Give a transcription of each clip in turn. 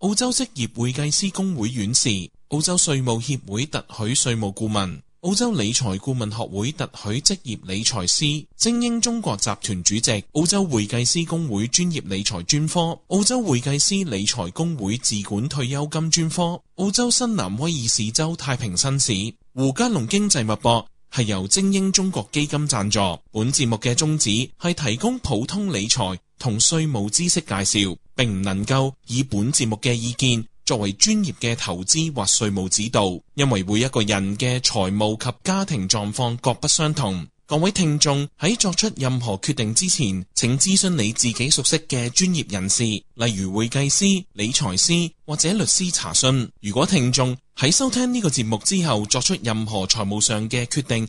澳洲職業會計師工會院士、澳洲稅務協會特許稅務顧問、澳洲理財顧問學會特許職業理財師、精英中國集團主席、澳洲會計師工會專業理財專科、澳洲會計師理財工會自管退休金專科、澳洲新南威爾士州太平紳士。胡嘉龍經濟脈搏係由精英中國基金贊助，本節目嘅宗旨係提供普通理財同稅務知識介紹。並唔能夠以本節目嘅意見作為專業嘅投資或稅務指導，因為每一個人嘅財務及家庭狀況各不相同。各位聽眾喺作出任何決定之前，請諮詢你自己熟悉嘅專業人士，例如會計師、理財師或者律師查詢。如果聽眾喺收聽呢個節目之後作出任何財務上嘅決定，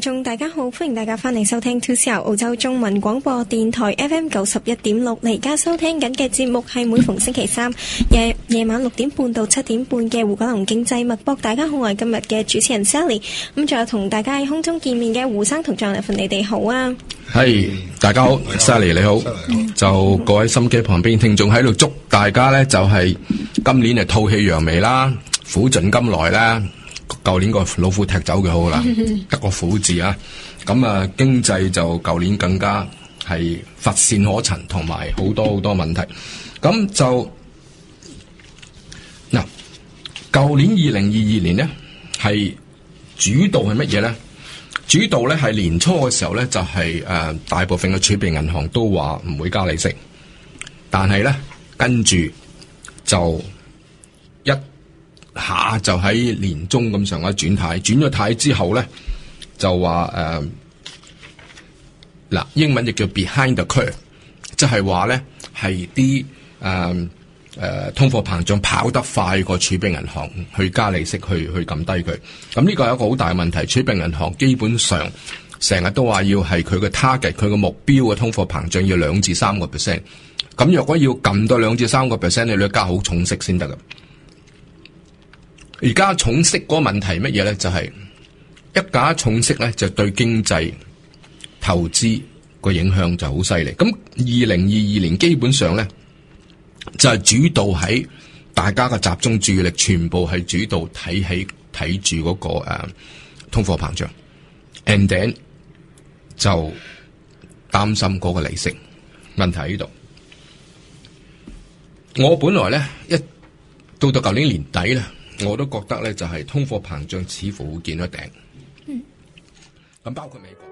眾大家好，歡迎大家翻嚟收聽 Two C R 澳洲中文廣播電台 FM 九十一點六。你而家收聽緊嘅節目係每逢星期三夜夜晚六點半到七點半嘅胡嘉龍經濟脈搏。大家好，我係今日嘅主持人 Sally。咁仲有同大家喺空中見面嘅胡生同張麗芬，歡迎你哋好啊！係大家好，Sally 你好。就各位心機旁邊聽眾喺度祝大家咧，就係今年就吐氣揚眉啦，苦盡甘來啦。舊年個老虎踢走佢好啦， 得個苦字啊！咁啊，經濟就舊年更加係乏善可陳，同埋好多好多問題。咁就嗱，舊年二零二二年呢，係主導係乜嘢呢？主導咧係年初嘅時候咧，就係、是、誒、呃，大部分嘅儲備銀行都話唔會加利息，但係咧跟住就。下就喺年中咁上下轉軚，轉咗軚之後咧，就話誒嗱英文亦叫 behind the curve，即係話咧係啲誒通貨膨脹跑得快過儲備銀行去加利息去去撳低佢，咁、嗯、呢、呢個係一個好大問題。儲備銀行基本上成日都話要係佢嘅 target，佢嘅目標嘅通貨膨脹要兩至三個 percent，咁若果要撳到兩至三個 percent，你要加好重息先得噶。而家重息嗰個問題乜嘢咧？就係、是、一假重息咧，就對經濟投資個影響就好犀利。咁二零二二年基本上咧，就係、是、主導喺大家嘅集中注意力，全部係主導睇起睇住嗰個誒、啊、通貨膨脹，and then 就擔心嗰個利息問題喺度。我本來咧一到到舊年年底啦。我都覺得咧，就係通貨膨脹似乎會見到頂。嗯，咁包括美國。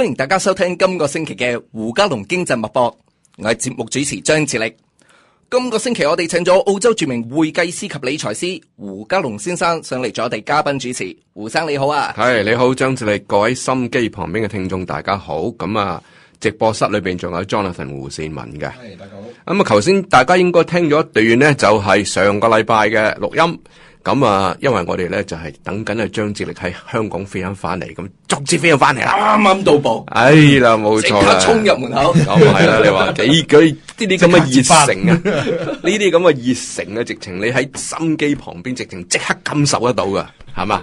歡迎大家收聽今個星期嘅胡嘉龍經濟脈搏，我係節目主持張智力。今個星期我哋請咗澳洲著名會計師及理財師胡嘉龍先生上嚟做我哋嘉賓主持。胡生你好啊，係、hey, 你好張智力，各位心機旁邊嘅聽眾大家好，咁啊，直播室裏邊仲有 Jonathan 胡善文嘅，係、hey, 大家好。咁啊，頭先大家應該聽咗一段呢，就係上個禮拜嘅錄音。咁啊，因為我哋咧就係等緊啊張智力喺香港飛翻翻嚟，咁逐次飛到翻嚟，啱啱到步，哎呀，冇錯啦，即刻衝入門口，就係啦，你話幾句呢啲咁嘅熱誠啊，呢啲咁嘅熱誠啊，直情你喺心機旁邊，直情即刻感受得到噶，係嘛？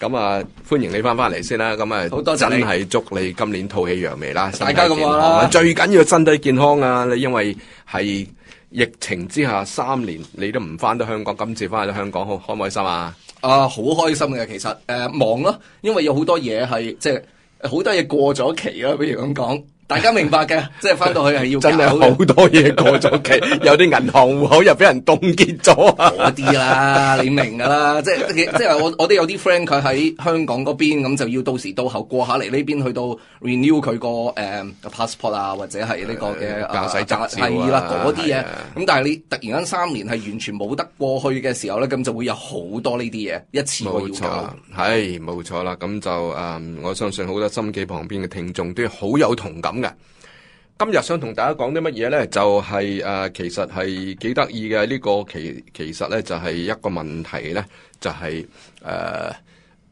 咁啊，歡迎你翻翻嚟先啦，咁啊，好多謝你，真係祝你今年吐氣揚眉啦！大家咁話啦，最緊要身體健康啊！你因為係。疫情之下三年，你都唔翻到香港，今次翻去到香港好開唔開心啊？啊，好開心嘅，其實誒、呃、忙咯，因為有好多嘢係，即係好多嘢過咗期啦，比如咁講。大家明白嘅，即係翻到去係要 真係好多嘢過咗期，有啲銀行戶口又俾人凍結咗。嗰啲啦， 你明噶啦，即係 即係我我都有啲 friend 佢喺香港嗰邊，咁就要到時到候過下嚟呢邊去到 renew 佢個誒、uh, passport 啊，或者係呢個嘅駕駛執照係啦，嗰啲嘢。咁、啊、的但係你突然間三年係完全冇得過去嘅時候咧，咁就會有好多呢啲嘢一次過要。冇錯，係冇錯啦。咁就誒，um, 我相信好多心機旁邊嘅聽眾都好有同感。咁今日想同大家講啲乜嘢呢？就係、是、誒，其實係幾得意嘅，呢個其其實呢就係一個問題呢，就係誒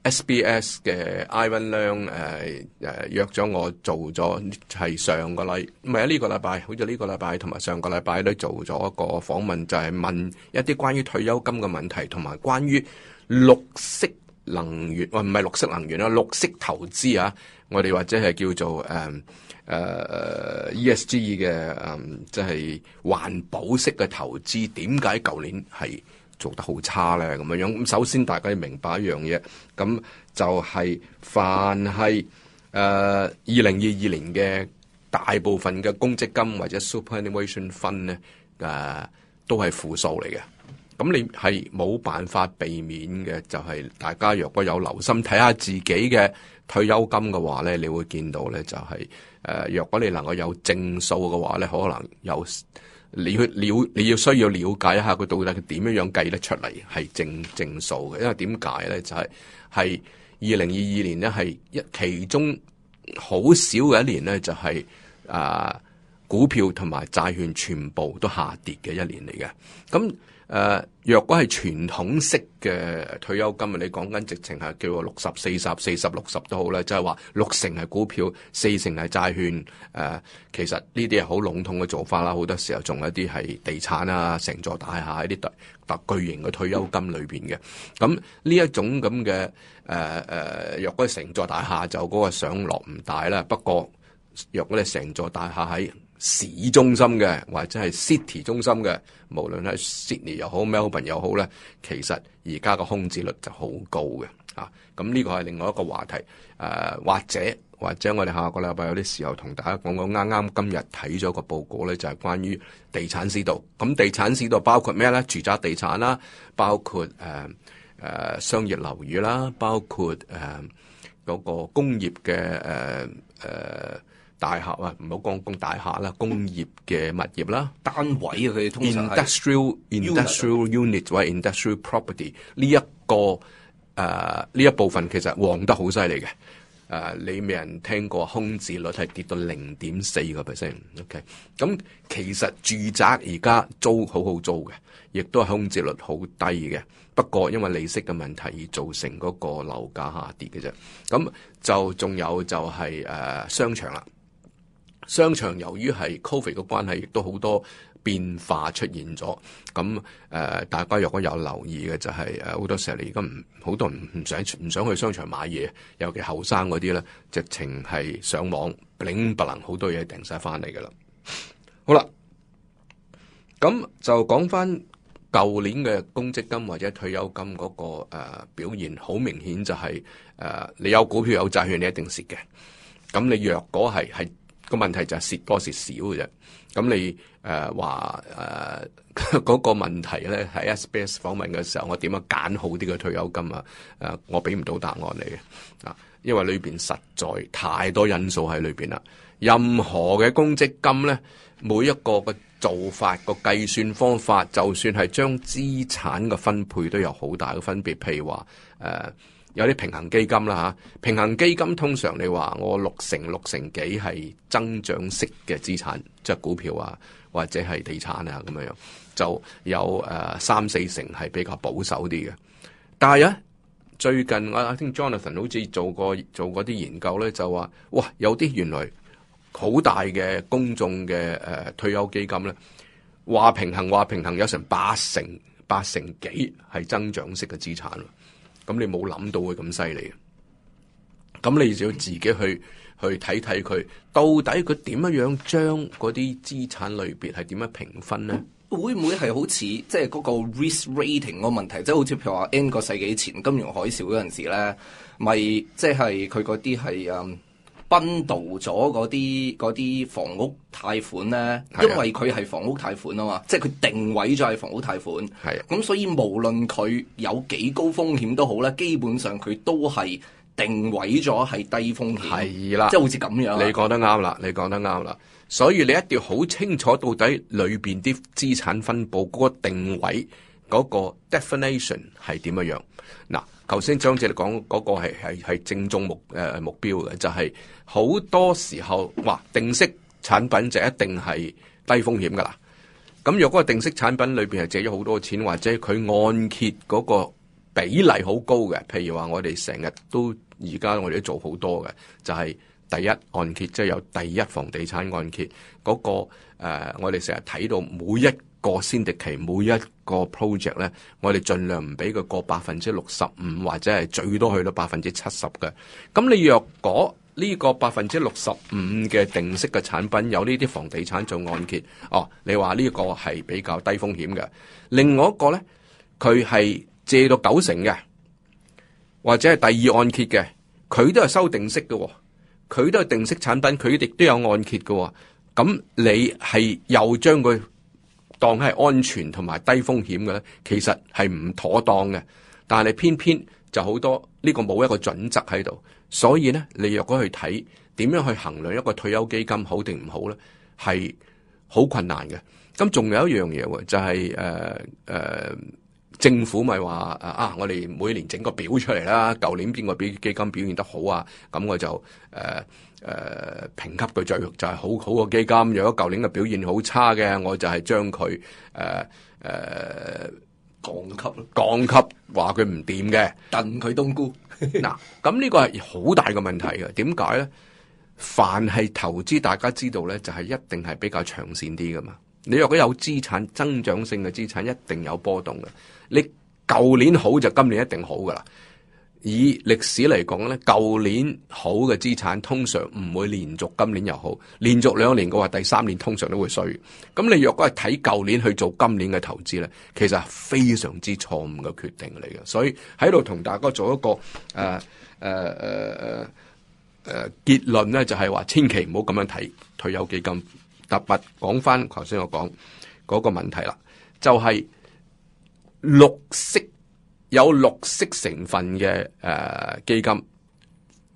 SBS 嘅 Ivan Long 誒誒約咗我做咗係上個禮，唔係呢個禮拜，好似呢個禮拜同埋上個禮拜都做咗一個訪問，就係問一啲關於退休金嘅問題，同埋關於綠色能源，喂唔係綠色能源啊，綠色投資啊，我哋或者係叫做誒。誒 ESG 嘅，嗯，即係環保式嘅投資，點解舊年係做得好差咧？咁樣樣，咁首先，大家要明白一樣嘢，咁就係凡係誒二零二二年嘅大部分嘅公積金或者 superannuation 分咧，誒，都係負數嚟嘅。咁你係冇辦法避免嘅，就係、是、大家若果有留心睇下自己嘅退休金嘅話咧，你會見到咧、就是，就係誒，若果你能夠有正數嘅話咧，可能有你去了，了，你要需要了解一下佢到底點點樣樣計得出嚟係正正數嘅，因為點解咧？就係係二零二二年咧，係一其中好少嘅一年咧，就係、是、啊。股票同埋債券全部都下跌嘅一年嚟嘅，咁誒、呃、若果係傳統式嘅退休金，你講緊直情係叫做六十四十、四十六十都好啦，就係、是、話六成係股票，四成係債券。誒、呃，其實呢啲係好籠統嘅做法啦，好多時候仲有啲係地產啊，成座大廈一啲特特巨型嘅退休金裏邊嘅。咁呢一種咁嘅誒誒，若果係成座大廈就嗰個上落唔大啦，不過若果你成座大廈喺市中心嘅，或者係 city 中心嘅，無論係 Sydney 又好 Melbourne 又好咧，其實而家個空置率就好高嘅啊！咁呢個係另外一個話題，誒、啊、或者或者我哋下個禮拜有啲時候同大家講講啱啱今日睇咗個報告咧，就係、是、關於地產市道。咁、嗯、地產市道包括咩咧？住宅地產啦，包括誒誒、呃呃、商業樓宇啦，包括誒嗰、呃那個工業嘅誒、呃呃大廈啊，唔好講工大廈啦，工業嘅物業啦，單位佢、啊、哋通常 industrial industrial unit 或者 industrial property 呢一個誒呢、呃、一部分其實旺得好犀利嘅誒，你未人聽過空置率係跌到零點四個 percent，ok 咁其實住宅而家租好好租嘅，亦都係空置率好低嘅，不過因為利息嘅問題而造成嗰個樓價下跌嘅啫，咁就仲有就係、是、誒、呃、商場啦。商場由於係 Covid 嘅關係，亦都好多變化出現咗。咁誒，大家若果有留意嘅，就係誒好多時候你而家唔好多人唔想唔想去商場買嘢，尤其後生嗰啲咧，直情係上網，冧唪唥好多嘢訂晒翻嚟㗎啦。好啦，咁就講翻舊年嘅公積金或者退休金嗰個表現，好明顯就係誒你有股票有債券，你一定蝕嘅。咁你若果係係。係問，蝕蝕呃呃嗰個問題就係蝕多蝕少嘅啫，咁你誒話誒嗰個問題咧，喺 SBS 訪問嘅時候，我點樣揀好啲嘅退休金啊？呃、我俾唔到答案你啊，因為裏面實在太多因素喺裏面啦。任何嘅公積金咧，每一個嘅做法、個計算方法，就算係將資產嘅分配都有好大嘅分別，譬如話誒。呃有啲平衡基金啦、啊、吓，平衡基金通常你話我六成六成幾係增長式嘅資產，即、係、股票啊，或者係地產啊咁樣，就有三四成係比較保守啲嘅。但係咧、啊，最近我聽 Jonathan 好似做過做過啲研究咧，就話哇，有啲原來好大嘅公眾嘅退休基金咧，話平衡話平衡有成八成八成幾係增長式嘅資產。咁你冇諗到會咁犀利，咁你就要自己去去睇睇佢到底佢點樣樣將嗰啲資產類別係點樣評分咧？會唔會係好似即係嗰個 risk rating 嗰個問題？即係好似譬如話 N 個世紀前金融海嘯嗰陣時咧，咪即係佢嗰啲係分度咗嗰啲啲房屋貸款呢，因為佢係房屋貸款啊嘛，啊即係佢定位咗係房屋貸款，咁、啊、所以無論佢有幾高風險都好咧，基本上佢都係定位咗係低風險，係啦、啊，即係好似咁樣。你講得啱啦，你講得啱啦，所以你一定要好清楚到底裏邊啲資產分佈嗰個定位。嗰個 definition 係點樣？嗱，頭先張姐講嗰個係係係正中目誒目標嘅，就係、是、好多時候，哇定息產品就一定係低風險噶啦。咁若果個定息產品裏面係借咗好多錢，或者佢按揭嗰個比例好高嘅，譬如話我哋成日都而家我哋都做好多嘅，就係、是、第一按揭即係、就是、有第一房地產按揭嗰、那個、呃、我哋成日睇到每一。個先期每一個 project 呢，我哋盡量唔俾佢過百分之六十五，或者係最多去到百分之七十嘅。咁你若果呢個百分之六十五嘅定息嘅產品有呢啲房地產做按揭哦，你話呢個係比較低風險嘅。另外一個呢，佢係借到九成嘅，或者係第二按揭嘅，佢都係收定息嘅喎，佢都係定息產品，佢亦都有按揭嘅喎。咁你係又將佢？當係安全同埋低風險嘅咧，其實係唔妥當嘅。但係偏偏就好多呢個冇一個準則喺度，所以咧你若果去睇點樣去衡量一個退休基金好定唔好咧，係好困難嘅。咁仲有一樣嘢喎就係誒誒，政府咪話啊，我哋每年整個表出嚟啦舊年邊個表基金表現得好啊，咁我就誒。呃誒，評、呃、級嘅作用就就係好好個基金，如果舊年嘅表現好差嘅，我就係將佢誒誒降級降級，話佢唔掂嘅，燉佢冬菇。嗱， 咁呢個係好大嘅問題嘅，點解咧？凡係投資，大家知道咧，就係、是、一定係比較長線啲噶嘛。你若果有資產增長性嘅資產，一定有波動嘅。你舊年好就今年一定好噶啦。以歷史嚟講呢，舊年好嘅資產通常唔會連續今年又好，連續兩年嘅話，第三年通常都會衰。咁你若果係睇舊年去做今年嘅投資呢，其實係非常之錯誤嘅決定嚟嘅。所以喺度同大家做一個誒誒誒誒誒結論呢，就係話千祈唔好咁樣睇退休基金。特別講翻頭先我講嗰個問題啦，就係綠色。有綠色成分嘅，誒基金，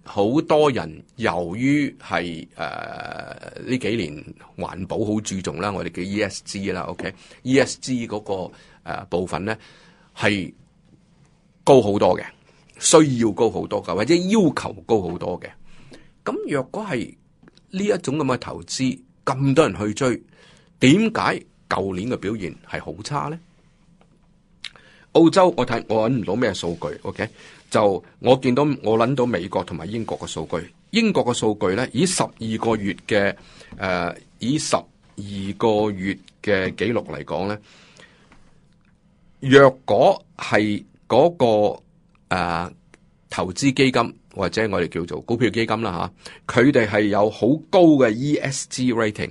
好多人由於係誒呢幾年環保好注重啦，我哋叫 ESG 啦，OK，ESG 嗰個誒部分咧，係高好多嘅，需要高好多嘅或者要求高好多嘅。咁若果係呢一種咁嘅投資，咁多人去追，點解舊年嘅表現係好差咧？澳洲我睇我揾唔到咩數據，OK？就我見到我諗到美國同埋英國嘅數據，英國嘅數據咧以十二個月嘅誒、呃，以十二個月嘅記錄嚟講咧，若果係嗰、嗰個誒、呃、投資基金或者我哋叫做股票基金啦吓，佢哋係有好高嘅 ESG rating。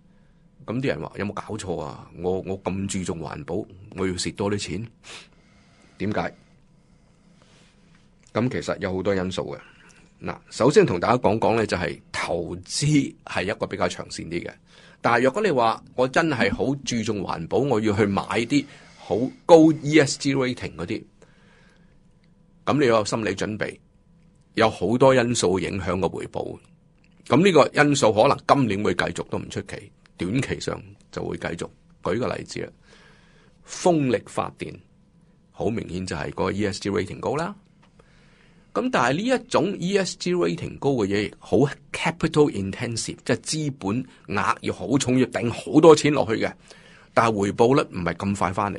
咁啲人話有冇搞錯啊？我我咁注重環保，我要蝕多啲錢？點解？咁其實有好多因素嘅。嗱，首先同大家講講呢，就係投資係一個比較長線啲嘅。但係若果你話我真係好注重環保，我要去買啲好高 ESG rating 嗰啲，咁你有心理準備，有好多因素影響個回報。咁呢個因素可能今年會繼續都唔出奇。短期上就會繼續。舉個例子啦，風力發電好明顯就係嗰個 ESG rating 高啦。咁但係呢一種 ESG rating 高嘅嘢，好 capital intensive，即係資本額要好重，要頂好多錢落去嘅。但係回報率唔係咁快翻嚟，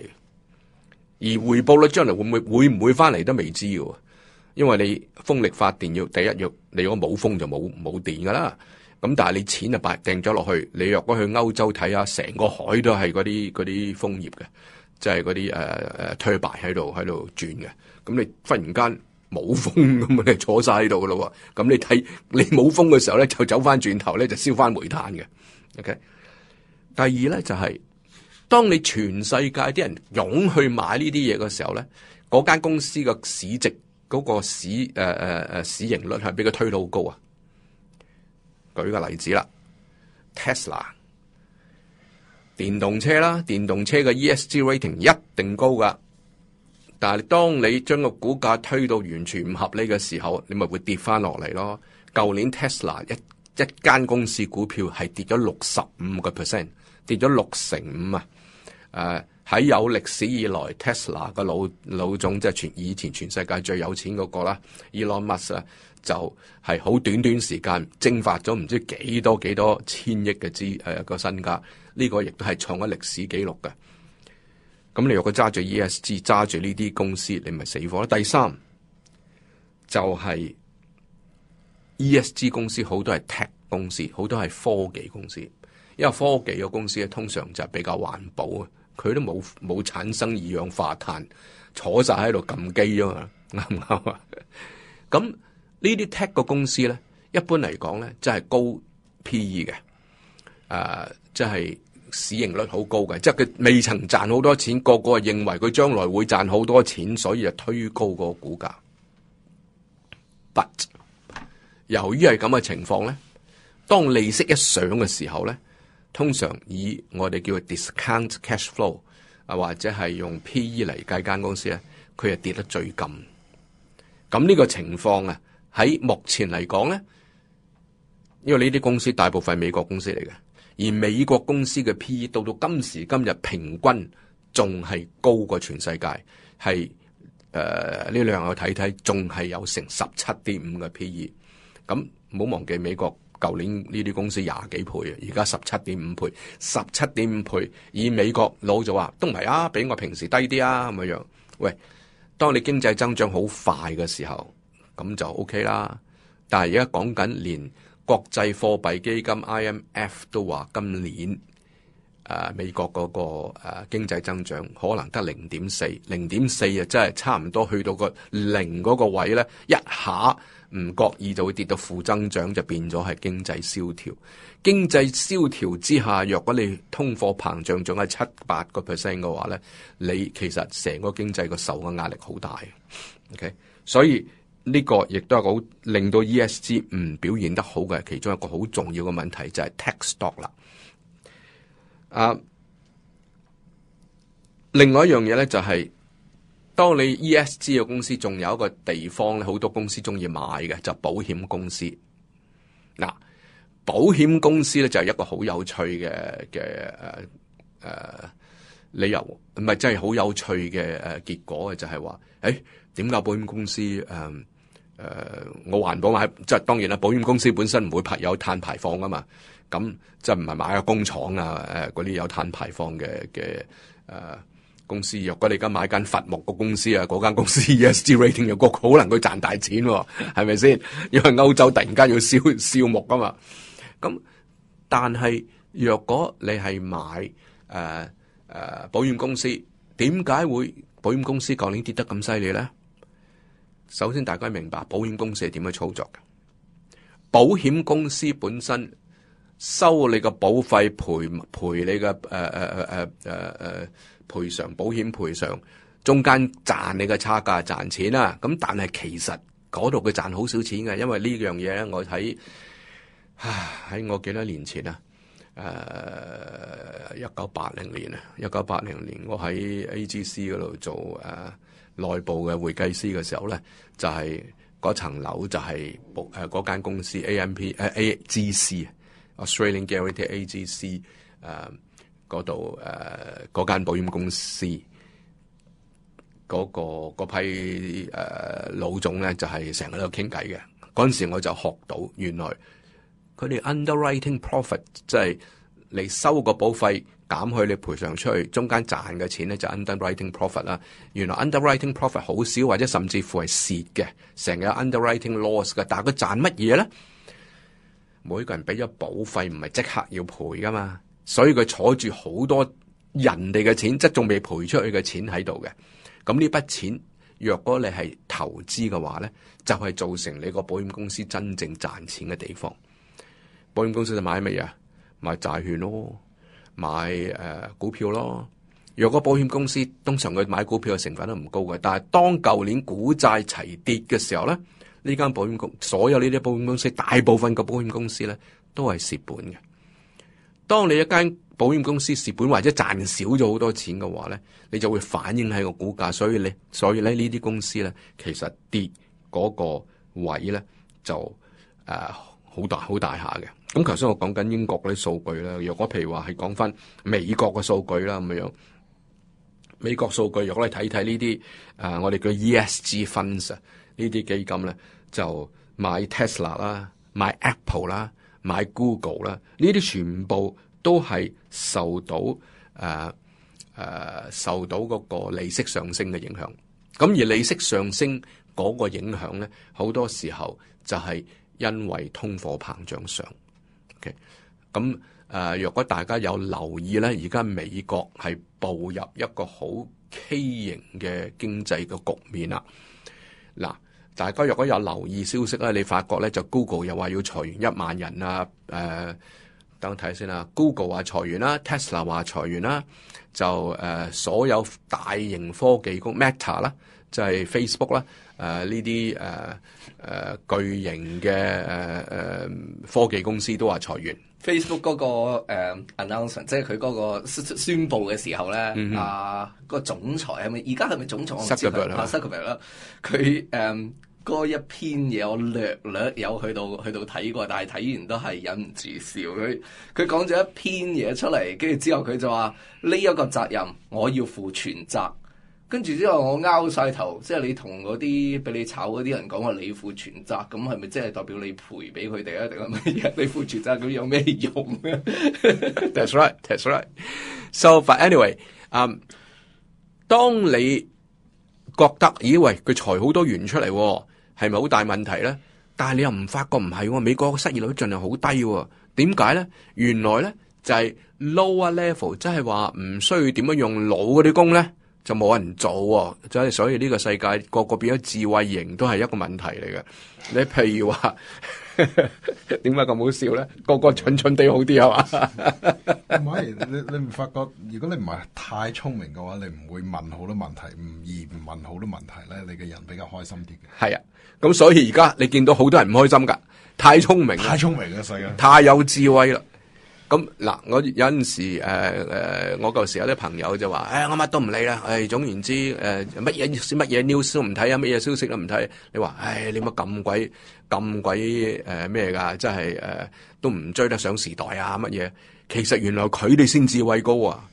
而回報率將來會唔會會唔會翻嚟都未知嘅，因為你風力發電要第一要你，如果冇風就冇冇電噶啦。咁但係你錢就白掟咗落去，你若果去歐洲睇下，成個海都係嗰啲嗰啲楓葉嘅，即係嗰啲誒誒推白喺度喺度轉嘅，咁你忽然間冇風咁 你坐晒喺度噶咯，咁你睇你冇風嘅時候咧，就走翻轉頭咧就燒翻煤炭嘅。OK，第二咧就係、是、當你全世界啲人湧去買呢啲嘢嘅時候咧，嗰間公司嘅市值嗰、那個市誒誒誒市盈率係比佢推到好高啊！舉個例子啦，Tesla 電動車啦，電動車嘅 ESG rating 一定高噶，但係當你將個股價推到完全唔合理嘅時候，你咪會跌翻落嚟咯。舊年 Tesla 一一間公司股票係跌咗六十五個 percent，跌咗六成五啊！誒、呃，喺有歷史以來 Tesla 嘅老老總即係全以前全世界最有錢嗰個啦，Elon Musk 啊。就係好短短時間蒸發咗唔知幾多幾多千億嘅資誒，一個身家，呢個亦都係創咗歷史紀錄嘅。咁你如果揸住 E S G 揸住呢啲公司，你咪死火啦。第三就係 E S G 公司好多係 tech 公司，好多係科技公司，因為科技嘅公司咧通常就比較環保啊，佢都冇冇產生二氧化碳，坐，坐晒喺度撳機啫嘛，啱唔啱啊？咁呢啲 tech 個公司咧，一般嚟講咧，即係高 P/E 嘅，誒、啊，即係市盈率好高嘅，即係佢未曾賺好多錢，個個認為佢將來會賺好多錢，所以就推高個股價。But 由於係咁嘅情況咧，當利息一上嘅時候咧，通常以我哋叫做 discount cash flow 啊，或者係用 P/E 嚟計間公司咧，佢係跌得最勁。咁呢個情況啊～喺目前嚟講咧，因為呢啲公司大部分係美國公司嚟嘅，而美國公司嘅 P E 到到今時今日平均仲係高過全世界，係誒呢兩個睇睇仲係有成十七點五嘅 P E。咁唔好忘記美國舊年呢啲公司廿幾倍啊，而家十七點五倍，十七點五倍。以美國老咗話都唔係啊，比我平時低啲啊咁樣。喂，當你經濟增長好快嘅時候。咁就 OK 啦。但係而家講緊，連國際貨幣基金 IMF 都話今年，誒美國嗰個誒經濟增長可能得零點四，零點四啊，真係差唔多去到個零嗰個位咧，一下唔覺意就會跌到負增長，就變咗係經濟蕭條。經濟蕭條之下，若果你通貨膨脹仲係七八個 percent 嘅話咧，你其實成個經濟個受嘅壓力好大。OK，所以。呢個亦都係好令到 ESG 唔表現得好嘅其中一個好重要嘅問題就係 tech stock 啦。啊，另外一樣嘢咧就係，當你 ESG 嘅公司仲有一個地方咧，好多公司中意買嘅就保險公司。嗱，保險公司咧就係一個好有趣嘅嘅誒理由，唔係真係好有趣嘅誒結果嘅就係話，誒點解保險公司誒？誒、呃，我環保買即係當然啦，保險公司本身唔會排有碳排放噶嘛，咁即係唔係買個工廠啊？誒、呃，嗰啲有碳排放嘅嘅誒公司，若果你而家買間伐木嘅公司啊，嗰間公司 E S, E S G rating 又高，可能佢賺大錢、哦，係咪先？ 因為歐洲突然間要燒燒木噶嘛，咁但係若果你係買誒誒、呃呃、保險公司，點解會保險公司舊年跌得咁犀利咧？首先，大家明白保險公司係點樣操作嘅？保險公司本身收你個保費賠，賠賠你嘅誒誒誒誒誒誒賠償保險賠償，中間賺你嘅差價賺錢啦啊。咁但係其實嗰度佢賺好少錢嘅，因為呢樣嘢咧，我睇喺我幾多年前啊，誒一九八零年，年啊，一九八零年我喺 AGC 嗰度做誒。內部嘅會計師嘅時候咧，就係嗰層樓就係誒嗰間公司 A.M.P A.G.C.Australian Guarantee A.G.C 誒、uh, 嗰度嗰、uh, 間保險公司嗰、嗰個嗰批、uh, 老總咧就係成日喺度傾偈嘅，嗰陣時我就學到原來佢哋 underwriting profit 即係嚟收個保費。減去你賠償出去，中間賺嘅錢咧就 underwriting profit 啦。原來 underwriting profit 好少，或者甚至乎係蝕嘅，成日 underwriting loss 噶。但係佢賺乜嘢咧？每個人俾咗保費唔係即刻要賠噶嘛，所以佢坐住好多人哋嘅錢，即仲未賠出去嘅錢喺度嘅。咁呢筆錢，若果你係投資嘅話咧，就係造成你個保險公司真正賺錢嘅地方。保險公司就買乜嘢啊？買債券咯。買誒、呃、股票咯，若果保險公司通常佢買股票嘅成分都唔高嘅，但係當舊年股債齊跌嘅時候咧，呢間保險公，所有呢啲保險公司，大部分嘅保險公司咧都係蝕本嘅。當你一間保險公司蝕本或者賺少咗好多錢嘅話咧，你就會反映喺個股價，所以你，所以咧呢啲公司咧其實跌嗰個位咧就誒好、呃、大好大下嘅。咁頭先我講緊英國啲數據啦。若果譬如話係講翻美國嘅數據啦，咁樣美國數據，若果你睇睇呢啲啊，我哋叫 ESG funds 呢啲基金咧，就買 Tesla 啦，買 Apple 啦，買 Google 啦，呢啲全部都係受到誒誒、啊啊、受到個利息上升嘅影響。咁而利息上升嗰個影響咧，好多時候就係因為通貨膨脹上。咁誒，若、okay, 呃、果大家有留意咧，而家美國係步入一個好畸形嘅經濟嘅局面啦。嗱，大家若果有留意消息咧，你發覺咧就 Google 又話要裁員一萬人啊，誒、呃，等睇先啦、啊、，Google 話裁員啦、啊、，Tesla 話裁員啦、啊，就誒、呃，所有大型科技公 Meta 啦。Met 就係 Facebook 啦、呃，誒呢啲誒巨型嘅誒、呃、科技公司都話裁員。Facebook 嗰、嗰個、呃、announcement，即係佢嗰個宣佈嘅時候咧，嗯、哼啊，個總裁係咪？而家係咪總裁？Zuckerberg 啦，佢誒嗰一篇嘢，我略略有去到去到睇過，但係睇完都係忍唔住笑。佢佢講咗一篇嘢出嚟，跟住之後佢就話呢一個責任，我要負全責。跟住之後，我拗晒頭，即係你同嗰啲俾你炒嗰啲人講話，你負全責咁，係咪即係代表你賠俾佢哋啊？定係你負全責咁有咩用啊 ？That's right, that's right. So but anyway，嗯、um,，當你覺得咦喂，佢裁好多員出嚟、哦，係咪好大問題咧？但係你又唔發覺唔係喎，美國個失業率儘量好低喎、哦。點解咧？原來咧就係、是、lower level，即係話唔需要點樣用腦嗰啲工咧。就冇人做、啊，喎。係所以呢個世界個個變咗智慧型都係一個問題嚟嘅。你譬如話，點解咁好笑咧？個個蠢蠢地好啲係嘛？唔係，你你唔發覺，如果你唔係太聰明嘅話，你唔會問好多問題，唔而唔問好多問題咧，你嘅人比較開心啲嘅。係啊，咁所以而家你見到好多人唔開心噶，太聰明啦，太聰明嘅世界，太有智慧啦。咁嗱，我有陣時誒誒、呃，我舊時有啲朋友就話，誒、哎，我乜都唔理啦，誒、哎，總言之，誒、呃，乜嘢乜嘢 news 都唔睇啊，乜嘢消息都唔睇。你話，誒、哎，你乜咁鬼咁鬼誒咩㗎？真係誒、呃，都唔追得上時代啊，乜嘢？其實原來佢哋先智慧高啊，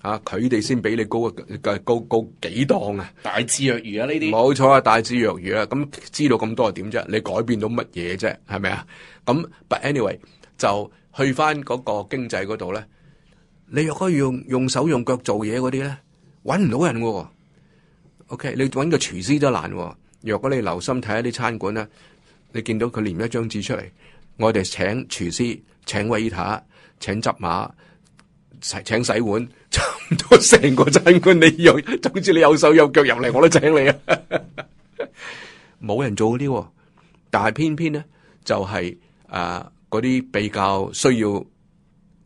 啊，佢哋先比你高啊，高高幾檔啊！大智若愚啊，呢啲冇錯啊，大智若愚啊！咁知道咁多係點啫？你改變到乜嘢啫？係咪啊？咁，but anyway 就。去翻嗰個經濟嗰度咧，你若可以用用手用腳做嘢嗰啲咧，揾唔到人喎。OK，你揾個廚師都難。若果你留心睇下啲餐館咧，你見到佢連一張紙出嚟，我哋請廚師，請 waiter，請執馬，請洗碗，差唔多成個餐館你有，總之你有手有腳入嚟我都請你哈哈啊。冇人做嗰啲，但係偏偏咧就係誒。嗰啲比較需要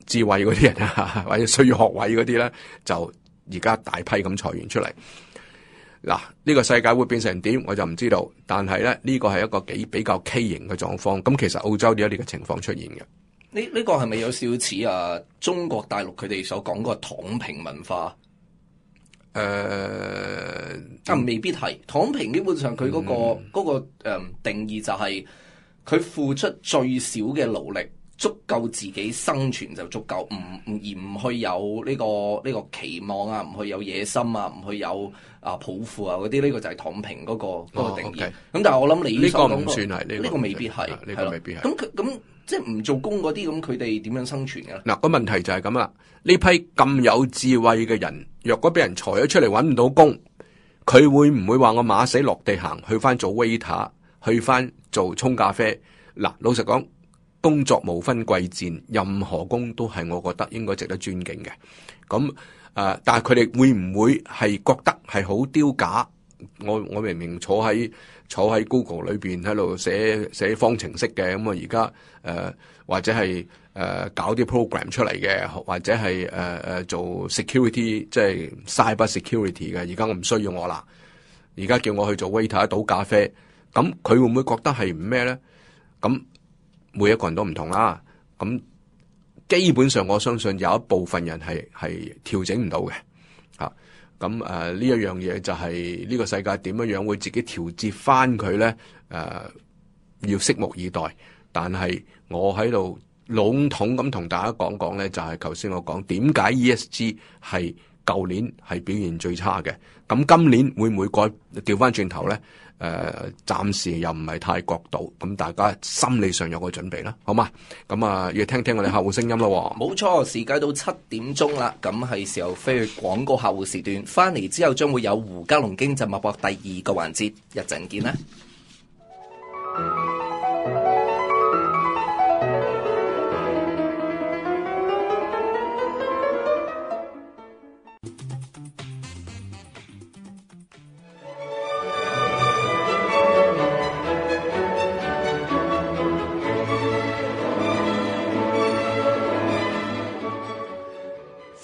智慧嗰啲人啊，或者需要學位嗰啲咧，就而家大批咁裁員出嚟。嗱，呢個世界會變成點，我就唔知道。但係咧，呢個係一個幾比較畸形嘅狀況。咁其實澳洲都有一啲嘅情況出現嘅。呢呢個係咪有少少似啊？中國大陸佢哋所講嗰個躺平文化？誒、呃，啊未必係躺平。基本上佢嗰個嗰個誒定義就係。佢付出最少嘅努力，足夠自己生存就足夠，唔唔而唔去有呢個呢個期望啊，唔去有野心啊，唔去有啊抱負啊嗰啲，呢個就係躺平嗰個嗰個定義。咁、哦 okay，但係我諗你呢個唔算係，呢個呢個未必係，係咯，啊呢個，未必係。咁咁即係唔做工嗰啲，咁佢哋點樣生存㗎？嗱，個問題就係咁啦。呢批咁有智慧嘅人，若果俾人裁咗出嚟，揾唔到工，佢會唔會話我馬死落地行去返做 waiter？去翻做沖咖啡嗱，老實講，工作無分貴賤，任何工都係我覺得應該值得尊敬嘅。咁啊、呃，但係佢哋會唔會係覺得係好丟架？我我明明坐喺坐喺 Google 裏邊，喺度寫寫方程式嘅，咁啊而家誒或者係誒搞啲 program 出嚟嘅，或者係誒、呃呃、做 security 即係 cyber security 嘅，而家我唔需要我啦，而家叫我去做 waiter 倒咖啡。咁佢會唔會覺得係咩呢？咁每一個人都唔同啦。咁基本上我相信有一部分人係係調整唔到嘅。吓，咁誒呢一樣嘢就係呢個世界點樣樣會自己調節翻佢呢？誒、啊，要拭目以待。但係我喺度籠統咁同大家講講呢，就係頭先我講點解 ESG 係舊年係表現最差嘅。咁今年會唔會改調翻轉頭呢？誒，暫時又唔係太覺到，咁大家心理上有個準備啦，好嘛？咁啊，要聽聽我哋客戶聲音咯。冇錯，時間到七點鐘啦，咁係時候飛去廣告客戶時段，翻嚟之後將會有胡嘉龍經濟脈搏第二個環節，一陣見啦。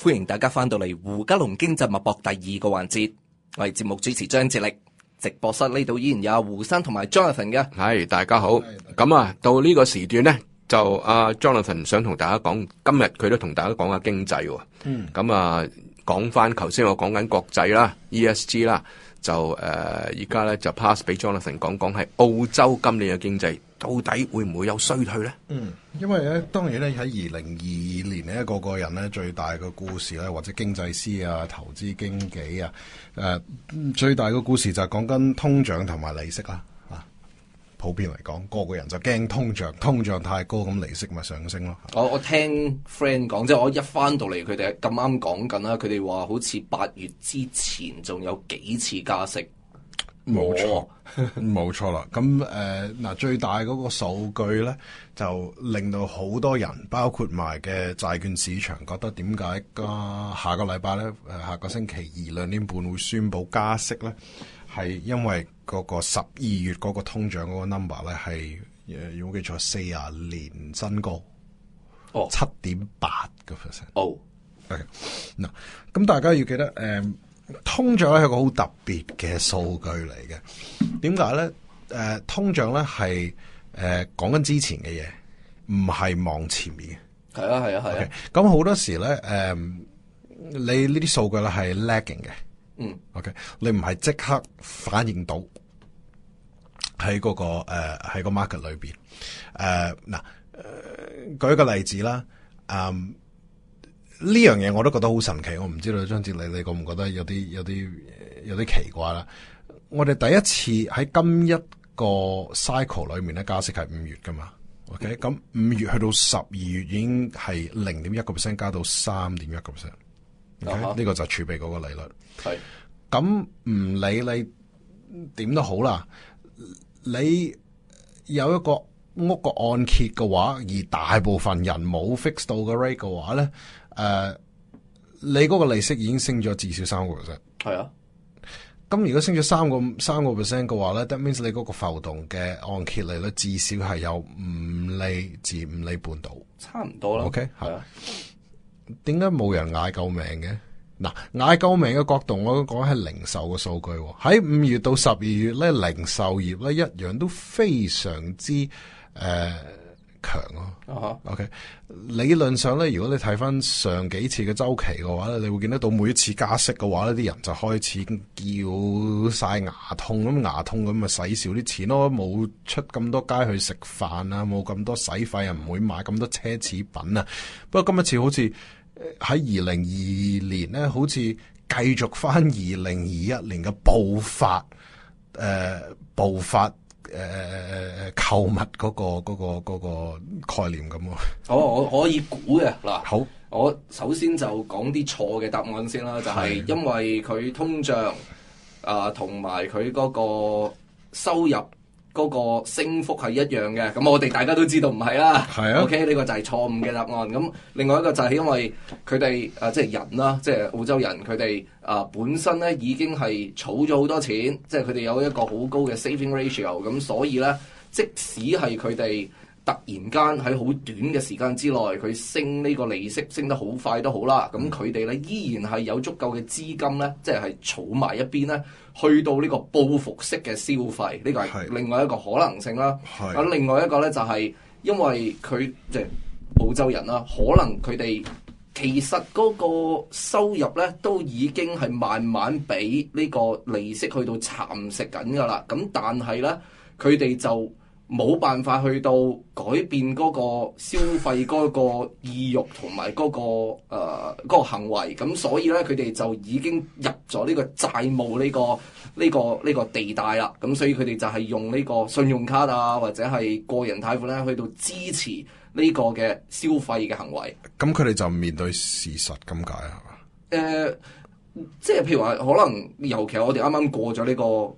歡迎大家翻到嚟，胡嘉龍經濟脈搏第二個環節，我哋節目主持張哲力，直播室呢度依然有胡生同埋 Jonathan 嘅，係、hey，大家好。咁 啊，到呢個時段咧，就阿、啊、Jonathan 想同大家講，今日佢都同大家講下經濟。嗯，咁啊，講翻頭先我講緊國際啦，ESG 啦，就誒，而家咧就 pass 俾 Jonathan 講講係澳洲今年嘅經濟。到底會唔會有衰退呢？嗯，因為咧，當然咧喺二零二二年咧，個個人咧最大嘅故事咧，或者經濟師啊、投資經紀啊，誒、呃，最大嘅故事就係講緊通脹同埋利息啦、啊。啊，普遍嚟講，個個人就驚通脹，通脹太高咁，利息咪上升咯。我我聽 friend 講，即係我一返到嚟，佢哋咁啱講緊啦，佢哋話好似八月之前仲有幾次加息。冇錯，冇錯啦。咁誒嗱，最大嗰個數據咧，就令到好多人，包括埋嘅債券市場，覺得點解下個禮拜咧，誒下個星期二兩點半會宣佈加息咧，係因為嗰個十二月嗰個通脹嗰個 number 咧係要我記錯四啊年新高，哦，七點八個 percent，哦，OK，嗱，咁大家要記得、呃通脹係個好特別嘅數據嚟嘅，點解咧？誒、呃，通脹咧係誒講緊之前嘅嘢，唔係望前面。係啊係啊係。咁好、啊 okay，多時咧，誒、呃，你數呢啲數據咧係 lagging 嘅。Lag 嗯，OK，你唔係即刻反映到喺嗰、那個誒喺、呃、個 market 裏邊。誒、呃，嗱、呃，舉一個例子啦。嗯、呃。呢樣嘢我都覺得好神奇，我唔知道張哲你你覺唔覺得有啲有啲有啲奇怪啦？我哋第一次喺今一個 cycle 裏面咧加息係五月㗎嘛？OK，咁五、嗯、月去到十二月已經係零點一個 percent 加到三點一個 percent。呢、okay? 啊、哈、呢個就儲備嗰個利率係咁，唔理你點都好啦。你有一個屋個按揭嘅話，而大部分人冇 fix 到嘅 rate 嘅話咧。誒，uh, 你嗰個利息已經升咗至少三個 percent，係啊。咁如果升咗三個三個 percent 嘅話咧，that means 你嗰個浮動嘅按揭利率至少係有五厘至五厘半度，差唔多啦。OK 係啊。點解冇人嗌救命嘅？嗱，嗌救命嘅角度，我都講係零售嘅數據喺五月到十二月咧，零售業咧一樣都非常之誒。呃強咯、啊 uh huh.，OK，理論上咧，如果你睇翻上幾次嘅週期嘅話咧，你會見得到每一次加息嘅話咧，啲人就開始叫晒牙痛咁牙痛咁啊，使少啲錢咯，冇出咁多街去食飯呀，冇咁多使費啊，唔會買咁多奢侈品啊。不過今一次好似喺二零二二年咧，好似繼續翻二零二一年嘅步伐，誒、呃，步伐。誒誒、呃、購物嗰、嗰個嗰、嗰個嗰、嗰個概念咁喎，我可以估嘅嗱，啦好，我首先就講啲錯嘅答案先啦，就係、是、因為佢通脹同埋佢嗰個收入。嗰個升幅係一樣嘅，咁我哋大家都知道唔係啦。係啊。OK，呢個就係錯誤嘅答案。咁另外一個就係因為佢哋啊，即係人啦，即係澳洲人，佢哋啊本身呢已經係儲咗好多錢，即係佢哋有一個好高嘅 saving ratio，咁所以呢，即使係佢哋。突然間喺好短嘅時間之內，佢升呢個利息升得好快都好啦。咁佢哋呢，依然係有足夠嘅資金呢，即係儲埋一邊呢，去到呢個報復式嘅消費，呢個係另外一個可能性啦。咁另外一個呢，就係因為佢即係澳洲人啦，可能佢哋其實嗰個收入呢都已經係慢慢俾呢個利息去到蠶食緊噶啦。咁但係呢，佢哋就冇辦法去到改變嗰個消費嗰個意欲同埋嗰個誒、呃嗰個、行為，咁所以呢，佢哋就已經入咗呢個債務呢、呢個呢、呢個呢、呢個地帶啦。咁所以佢哋就係用呢個信用卡啊或者係個人貸款呢，去到支持呢個嘅消費嘅行為。咁佢哋就面對事實咁解係嘛？誒、呃。即係譬如話，可能尤其係我哋啱啱過咗呢個誒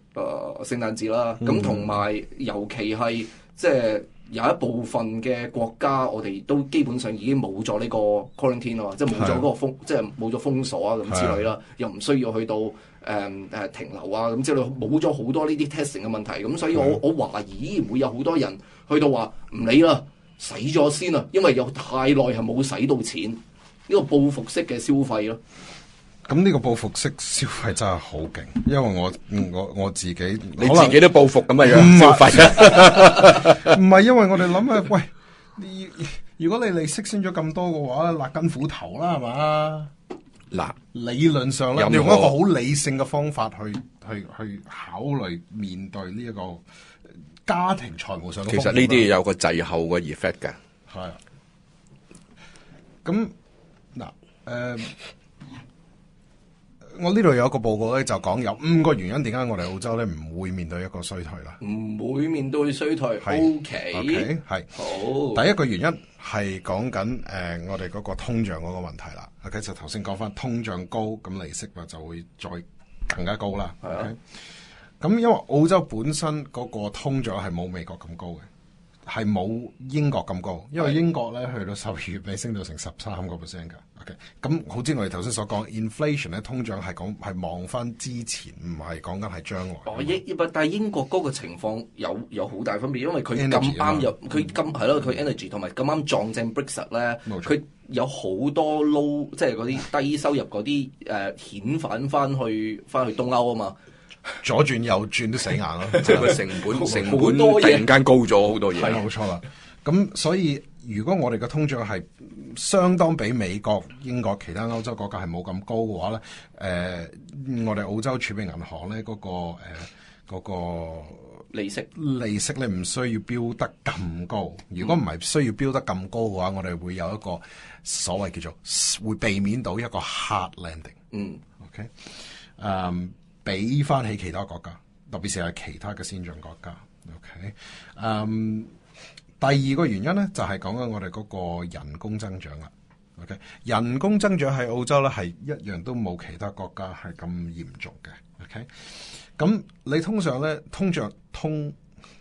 聖誕節啦，咁同埋尤其係即係有一部分嘅國家，我哋都基本上已經冇咗呢個 quarantine 啦，是的 即係冇咗個封，是的 即係冇咗封鎖啊咁之類啦，是的 又唔需要去到誒誒、呃、停留啊咁之類，冇咗好多呢啲 testing 嘅問題，咁所以我是的 我懷疑會有好多人去到話唔理啦，使咗先啦，因為又太有太耐係冇使到錢，呢個報復式嘅消費咯。咁呢個報復式消費真係好勁，因為我我我自己你自己都報復咁嘅樣消費，唔係因為我哋諗啊，喂，如果你利息升咗咁多嘅話，勒緊褲頭啦係嘛，嗱，理論上咧用一個好理性嘅方法去去去考慮面對呢一個家庭財務上，其實呢啲有個滯後嘅 effect 嘅，係、啊，咁嗱，誒、呃。我呢度有一個報告咧，就講有五個原因點解我哋澳洲咧唔會面對一個衰退啦。唔會面對衰退，O K，係，第一個原因係講緊誒我哋嗰個通脹嗰個問題啦。OK，其實頭先講翻通脹高，咁利息嘛就會再更加高啦。係啊，咁 OK？因為澳洲本身嗰個通脹係冇美國咁高嘅。係冇英國咁高，因為英國咧是去到十二月尾升到成十三個 percent 㗎。OK，咁好似我哋頭先所講 inflation 咧，通脹係講係望翻之前，唔係講緊係將來。哦，英但英國嗰個情況有有好大分別，因為佢咁啱入，佢咁係咯，佢 energy 同埋咁啱撞正 Brexit 呢，佢錯有好多 low，即係嗰啲低收入嗰啲誒， uh, 遣返翻去翻去東歐啊嘛。左轉右轉都死硬咯，即係個成本 成本都突然間高咗好多嘢 的，係冇錯啦。咁所以如果我哋嘅通脹係相當比美國、英國、其他歐洲國家係冇咁高嘅話咧，誒、呃，我哋澳洲儲備銀行咧嗰、那個誒嗰、呃那個利息利息咧唔需要飆得咁高。如果唔係需要飆得咁高嘅話，嗯、我哋會有一個所謂叫做會避免到一個 hard landing 嗯。嗯，OK，誒、um,。俾翻起其他國家，特別是係其他嘅先進國家。OK，嗯、um，第二個原因咧就係講緊我哋嗰個人工增長啦。OK，人工增長喺澳洲咧係一樣都冇其他國家係咁嚴重嘅。OK，咁你通常咧通脹通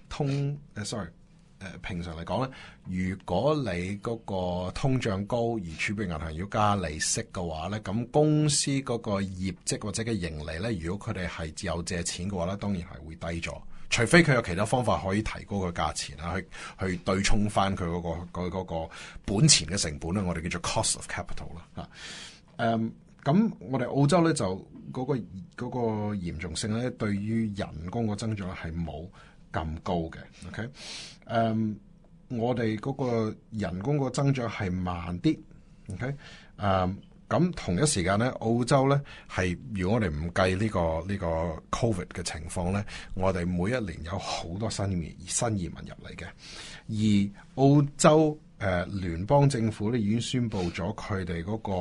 通誒、啊，sorry。誒，平常嚟講咧，如果你嗰個通脹高而儲備銀行要加利息嘅話咧，咁公司嗰個業績或者嘅盈利咧，如果佢哋係有借錢嘅話咧，當然係會低咗。除非佢有其他方法可以提高個價錢啊，去去對沖翻佢嗰個、嗰個本錢嘅成本咧，我哋叫做 cost of capital 啦吓。誒，咁我哋澳洲咧就嗰、嗰個嗰、嗰個嚴重性咧，對於人工嘅增長係冇咁高嘅。OK。誒，um, 我哋嗰個人工個增長係慢啲，OK？誒，咁同一時間咧，澳洲咧係，如果我哋唔計呢個呢個 covid 嘅情況咧，我哋每一年有好多新移民、新移民入嚟嘅。而澳洲誒聯、呃、邦政府咧已經宣布咗佢哋嗰個，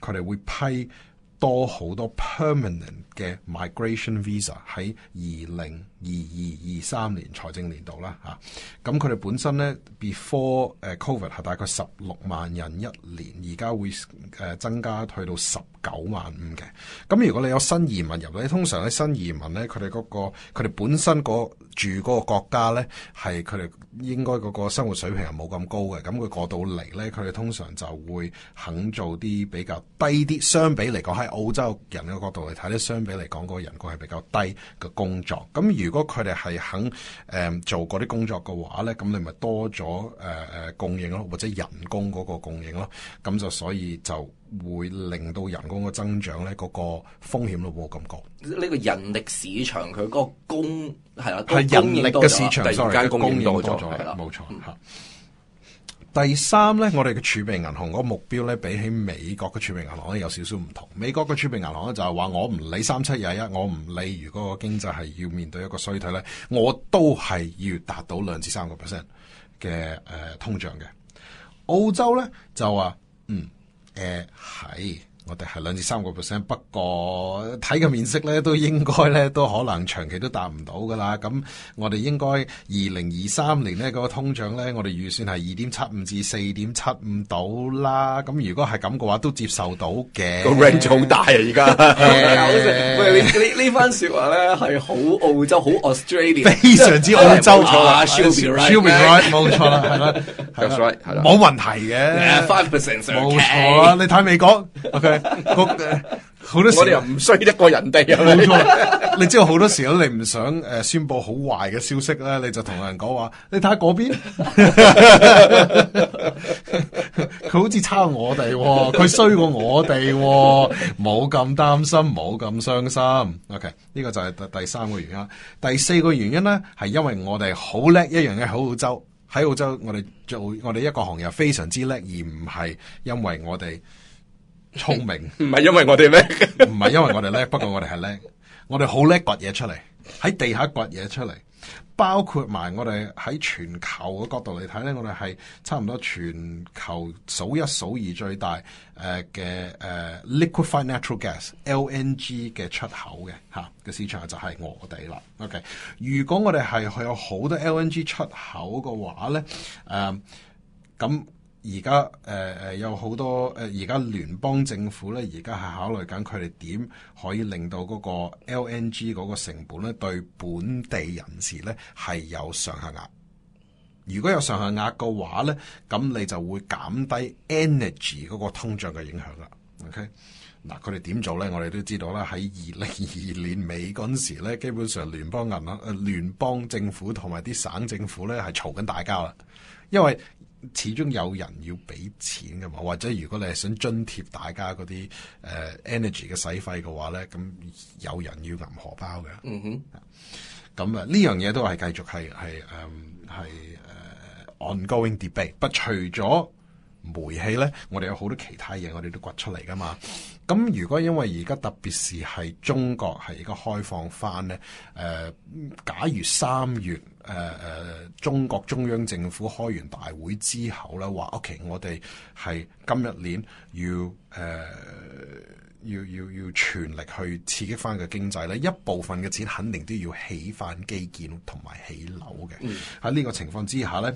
佢哋、呃、會批多好多 permanent 嘅 migration visa 喺二零二二二三年財政年度啦吓，咁佢哋本身咧 before 誒 covid 係大概十六萬人一年，而家會誒增加去到十九萬五嘅。咁如果你有新移民入咧，通常咧新移民咧佢哋嗰個，佢哋本身、嗰個住嗰個國家咧係佢哋應該嗰個生活水平係冇咁高嘅，咁佢過到嚟咧佢哋通常就會肯做啲比較低啲，相比嚟講喺澳洲人嘅角度嚟睇咧，相比。嚟講，嗰個人工係比較低嘅工作。咁如果佢哋係肯誒做嗰啲工作嘅話咧，咁你咪多咗誒誒供應咯，或者人工嗰個供應咯。咁就所以就會令到人工嘅增長咧，嗰、嗰個風險都冇咁高。呢個人力市場佢嗰個供係啦，係人力嘅市場突然間供應多咗，係啦的，冇錯。的錯第三呢，我哋嘅儲備銀行個目標呢，比起美國嘅儲備銀行呢，有少少唔同。美國嘅儲備銀行呢，就係話，我唔理三七廿一，我唔理如果個經濟係要面對一個衰退呢，我都係要達到兩至三個 percent 嘅誒通脹嘅。澳洲呢，就話，嗯，誒、呃、係。我哋係兩至三個 percent，不過睇個面色咧都應該咧都可能長期都達唔到噶啦。咁我哋應該二零二三年呢，嗰個通脹咧，我哋預算係二點七五至四點七五到啦。咁如果係咁嘅話，都接受到嘅。個 range 好大啊，而家。好喂，你呢番說話咧係好澳洲，好 Australia，n 非常之澳洲啊 s h u b h t s h u b h i 冇錯啦，係啦，係冇問題嘅，five percent，冇錯啦。你睇美國，OK。好多時我哋又唔衰一個人哋，冇錯。你知道好多時咧，你唔想誒宣布好壞嘅消息咧，你就同人講話，你睇下嗰邊，佢好似差我哋，佢衰過我哋，冇咁擔心，冇咁傷心。OK，呢個就係第第三個原因。第四個原因咧，係因為我哋好叻一樣嘅，喺澳洲喺澳洲，我哋做我哋一個行業非常之叻，而唔係因為我哋。聰明唔係因為我哋叻，唔 係因為我哋叻，不過我哋係叻，我哋好叻掘嘢出嚟，喺地下掘嘢出嚟，包括埋我哋喺全球嘅角度嚟睇咧，我哋係差唔多全球數一數二最大誒嘅誒、呃呃、liquefied natural gas L N G 嘅出口嘅吓嘅市場就係我哋啦。OK，如果我哋係佢有好多 L N G 出口嘅話咧，誒、呃、咁。而家誒誒有好多誒，而家聯邦政府咧，而家係考慮緊佢哋點可以令到嗰個 LNG 嗰個成本咧，對本地人士咧係有上限額。如果有上限額嘅話咧，咁你就會減低 energy 嗰個通脹嘅影響啦。OK，嗱佢哋點做咧？我哋都知道啦。喺二零二二年尾嗰陣時咧，基本上聯邦銀行誒、聯邦政府同埋啲省政府咧係嘈緊大交啦，因為。始終有人要俾錢噶嘛，或者如果你係想津貼大家嗰啲誒 energy 嘅使費嘅話咧，咁有人要揞荷包嘅。嗯哼，咁啊呢樣嘢都係繼續係係誒係誒 ongoing debate。不除咗煤氣咧，我哋有好多其他嘢，我哋都掘出嚟噶嘛。咁如果因為而家特別是係中國係而家開放翻咧，誒、呃，假如三月。誒誒、呃，中國中央政府開完大會之後咧，話，O K，我哋係今一年要誒、呃，要要要全力去刺激翻個經濟咧，一部分嘅錢肯定都要起翻基建同埋起樓嘅。喺呢、嗯、個情況之下咧，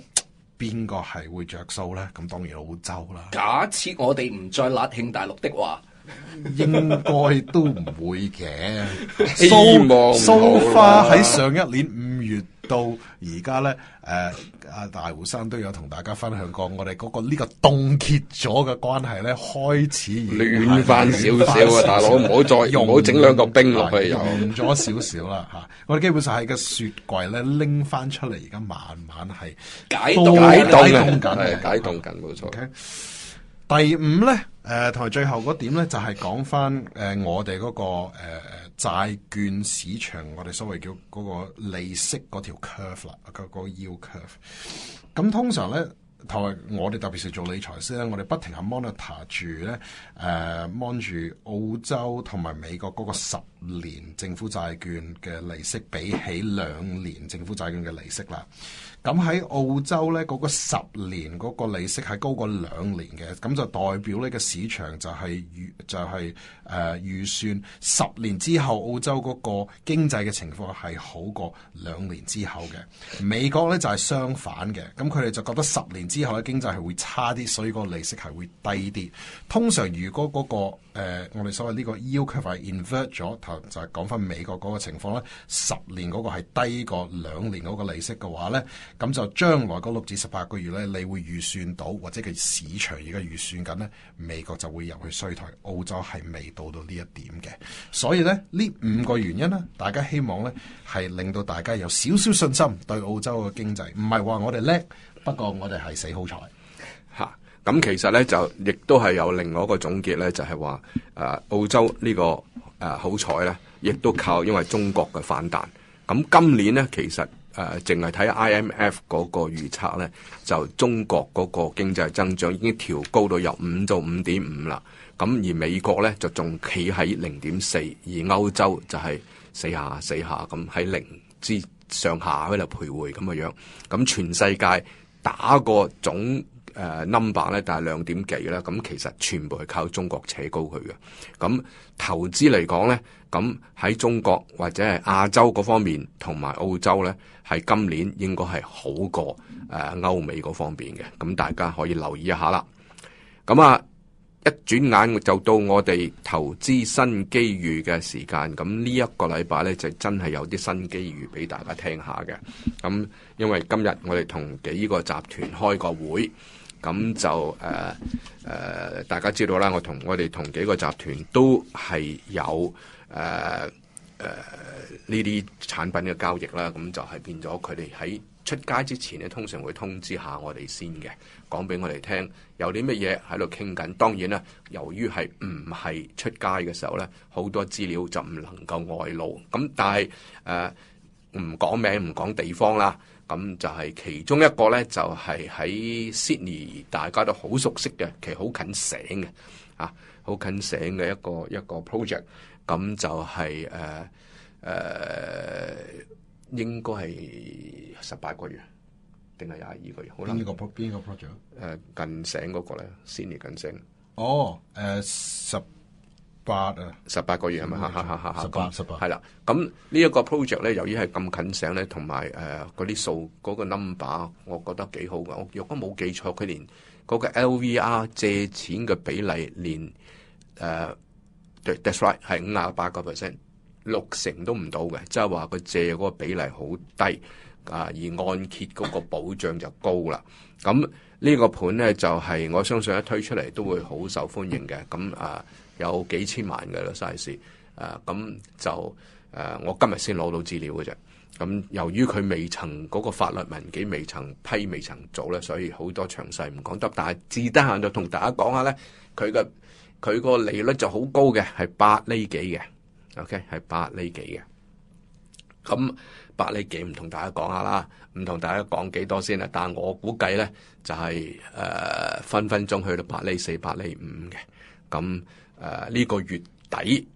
邊個係會着數咧？咁當然澳洲啦。假設我哋唔再拉橫大陸的話。 應該都唔會嘅。蘇蘇花喺上一年五月到而家咧，誒、呃，阿大胡生都有同大家分享過，我哋嗰個呢個凍結咗嘅關係咧，開始暖暖翻少少啊！大佬，唔好再 用，唔好整兩個冰落去，融咗少少啦吓。我哋基本上係個雪櫃咧，拎翻出嚟，而家慢慢係解凍解凍緊，解凍緊冇錯。第五咧。誒同埋最後嗰點咧，那個，就係講翻誒我哋嗰個誒債券市場，我哋所謂叫嗰個利息嗰條 cur ve, curve 啦，嗰個 yield curve。咁通常咧，同埋我哋特別係做理財師咧，我哋不停係 monitor 住咧，誒 mon 住澳洲同埋美國嗰個十年政府債券嘅利息，比起兩年政府債券嘅利息啦。咁喺澳洲呢，嗰個十年嗰個利息係高過兩年嘅，咁就代表呢個市場就係預就係誒預算十年之後澳洲嗰個經濟嘅情況係好過兩年之後嘅。美國呢，就係相反嘅，咁佢哋就覺得十年之後嘅經濟係會差啲，所以個利息係會低啲。通常如果嗰個誒、呃，我哋所謂呢個 yield curve invert 咗，就係講翻美國嗰個情況啦，十年嗰個係低過兩年嗰個利息嘅話咧，咁就將來嗰六至十八個月咧，你會預算到或者佢市場而家預算緊咧，美國就會入去衰退，澳洲係未到到呢一點嘅，所以咧呢五個原因咧，大家希望咧係令到大家有少少信心對澳洲嘅經濟，唔係話我哋叻，不過我哋係死好彩。咁其實咧就亦都係有另外一個總結咧，就係話誒澳洲、這個呃、呢個誒好彩咧，亦都靠因為中國嘅反彈。咁今年呢，其實誒淨係睇 IMF 嗰個預測咧，就中國嗰個經濟增長已經調高到由五到五點五啦。咁而美國咧就仲企喺零點四，而歐洲就係四下四下咁喺零之上下喺度徘徊咁嘅樣。咁全世界打過總誒、uh, number 咧，但係兩點幾啦。咁其實全部係靠中國扯高佢嘅。咁投資嚟講呢，咁喺中國或者係亞洲嗰方面，同埋澳洲呢，係今年應該係好過誒、呃、歐美嗰方面嘅。咁大家可以留意一下啦。咁啊，一轉眼就到我哋投資新機遇嘅時間。咁呢一個禮拜呢，就真係有啲新機遇俾大家聽下嘅。咁因為今日我哋同幾個集團開個會。咁就、呃呃、大家知道啦。我同我哋同幾個集團都係有誒誒呢啲產品嘅交易啦。咁就係變咗佢哋喺出街之前咧，通常會通知下我哋先嘅，講俾我哋聽有啲乜嘢喺度傾緊。當然啦，由於係唔係出街嘅時候咧，好多資料就唔能夠外露。咁但係誒，唔、呃、講名唔講地方啦。咁就係其中一個咧，就係、是、喺 Sydney，大家都好熟悉嘅，其實好近城嘅，啊，好近城嘅一個一個 project，咁就係誒誒，應該係十八個月定係廿二個月？好啦，個個個呢個 p r 邊個 project？誒，近城嗰個咧，Sydney 近城。哦，誒十八啊，十八 18, 個月係咪吓吓吓吓十八十八，係啦，咁、嗯、呢一個 project 咧，由於係咁近醒咧，同埋誒嗰啲數嗰個 number，我覺得幾好㗎。我如果冇記錯，佢連嗰個 LVR 借錢嘅比例，連誒、呃、，that's right 係五啊八個 percent，六成都唔到嘅，即係話佢借嗰個比例好低啊、呃，而按揭嗰個保障就高啦。咁呢個盤咧就係、是、我相信一推出嚟都會好受歡迎嘅。咁、嗯、啊。嗯有幾千萬嘅 size，咁就誒、啊、我今日先攞到資料嘅啫。咁、啊、由於佢未曾嗰、嗰個法律文件未曾批、未曾做咧，所以好多詳細唔講得。但係至得閒就同大家講下咧，佢嘅佢個利率就好高嘅，係八厘幾嘅。OK，係八厘幾嘅。咁八厘幾唔同大家講下啦，唔同大家講幾多先啦。但係我估計咧就係、是、誒、呃、分分鐘去到八厘四、八厘五嘅咁。誒，呢個月底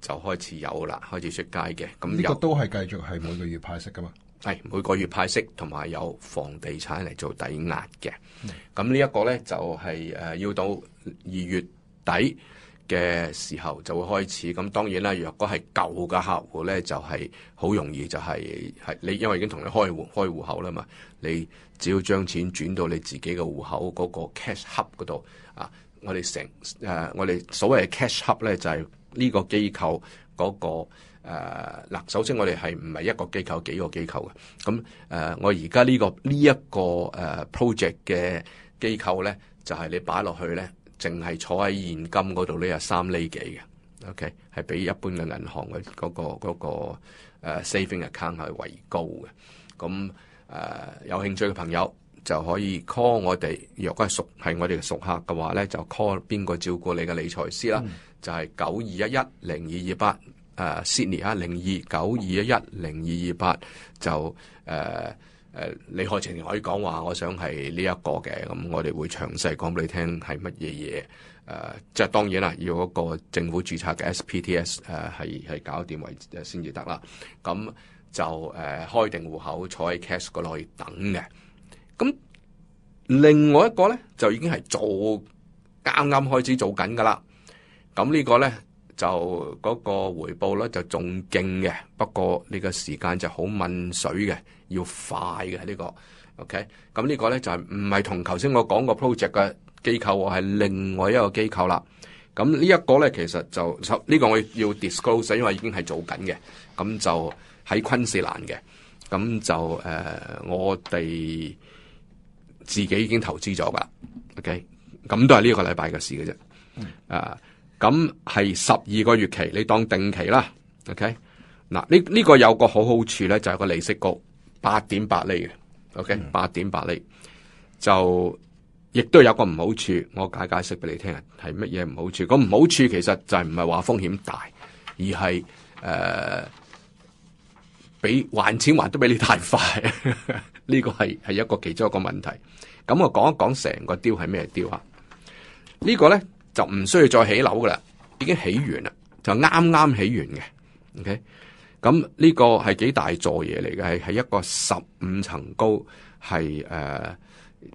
就開始有啦，開始出街嘅。咁呢個都係繼續係每個月派息噶嘛？係每個月派息，同埋有房地產嚟做抵押嘅。咁呢一個呢，就係誒，要到二月底嘅時候就會開始。咁當然啦，若果係舊嘅客戶呢，就係好容易就係係你因為已經同你開戶開戶口啦嘛，你只要將錢轉到你自己嘅戶口嗰個 cash hub 嗰度啊。我哋成誒，我哋所謂嘅 cash hub 咧，就係呢個機構嗰、那個嗱。首先，我哋係唔係一個機構幾個機構嘅？咁誒、這個，我而家呢個呢一個誒 project 嘅機構咧，就係、是、你擺落去咧，淨係坐喺現金嗰度咧，有三厘幾嘅。OK，係比一般嘅銀行嘅嗰、那個嗰、那個、saving account 係為高嘅。咁誒，有興趣嘅朋友。就可以 call 我哋，若果係熟係我哋嘅熟客嘅話咧，就 call 邊個照顧你嘅理財師啦，嗯、就係九二一一零二二八，誒 Sydney 啊零二九二一一零二二八，Sydney, 02, 8，就誒誒李海晴可以講話，我想係呢一個嘅，咁我哋會詳細講俾你聽係乜嘢嘢，誒即係當然啦，要一個政府註冊嘅 SPTS 誒、呃、係係搞掂為先至得啦，咁就誒、呃、開定戶口坐喺 cash 度去等嘅。咁另外一個咧就已經係做啱啱開始做緊噶啦，咁呢個咧就嗰個回報咧就仲勁嘅，不過呢個時間就好問水嘅，要快嘅、這個 okay? 呢個，OK？咁呢個咧就唔係同頭先我講個 project 嘅機構，我係另外一個機構啦。咁呢一個咧其實就呢、這個我要 disclose，因為已經係做緊嘅，咁就喺昆士蘭嘅，咁就誒、呃、我哋。自己已經投資咗噶，OK，咁都係呢個禮拜嘅事嘅啫。誒、嗯，咁係十二個月期，你當定期啦，OK、啊。嗱，呢呢個有個好好處咧，就係、是、個利息高，八點八厘嘅，OK，八點八厘就亦都有個唔好處，我解解釋俾你聽，係乜嘢唔好處？個唔好處其實就係唔係話風險大，而係誒、俾、呃、還錢還都俾你太快。呵呵呢個係係一個其中一個問題，咁我講一講成個 deal 係咩 deal 吓？這個、呢個咧就唔需要再起樓噶啦，已經起完啦，就啱啱起完嘅。OK，咁呢個係幾大座嘢嚟嘅，係係一個十五層高，係誒、呃、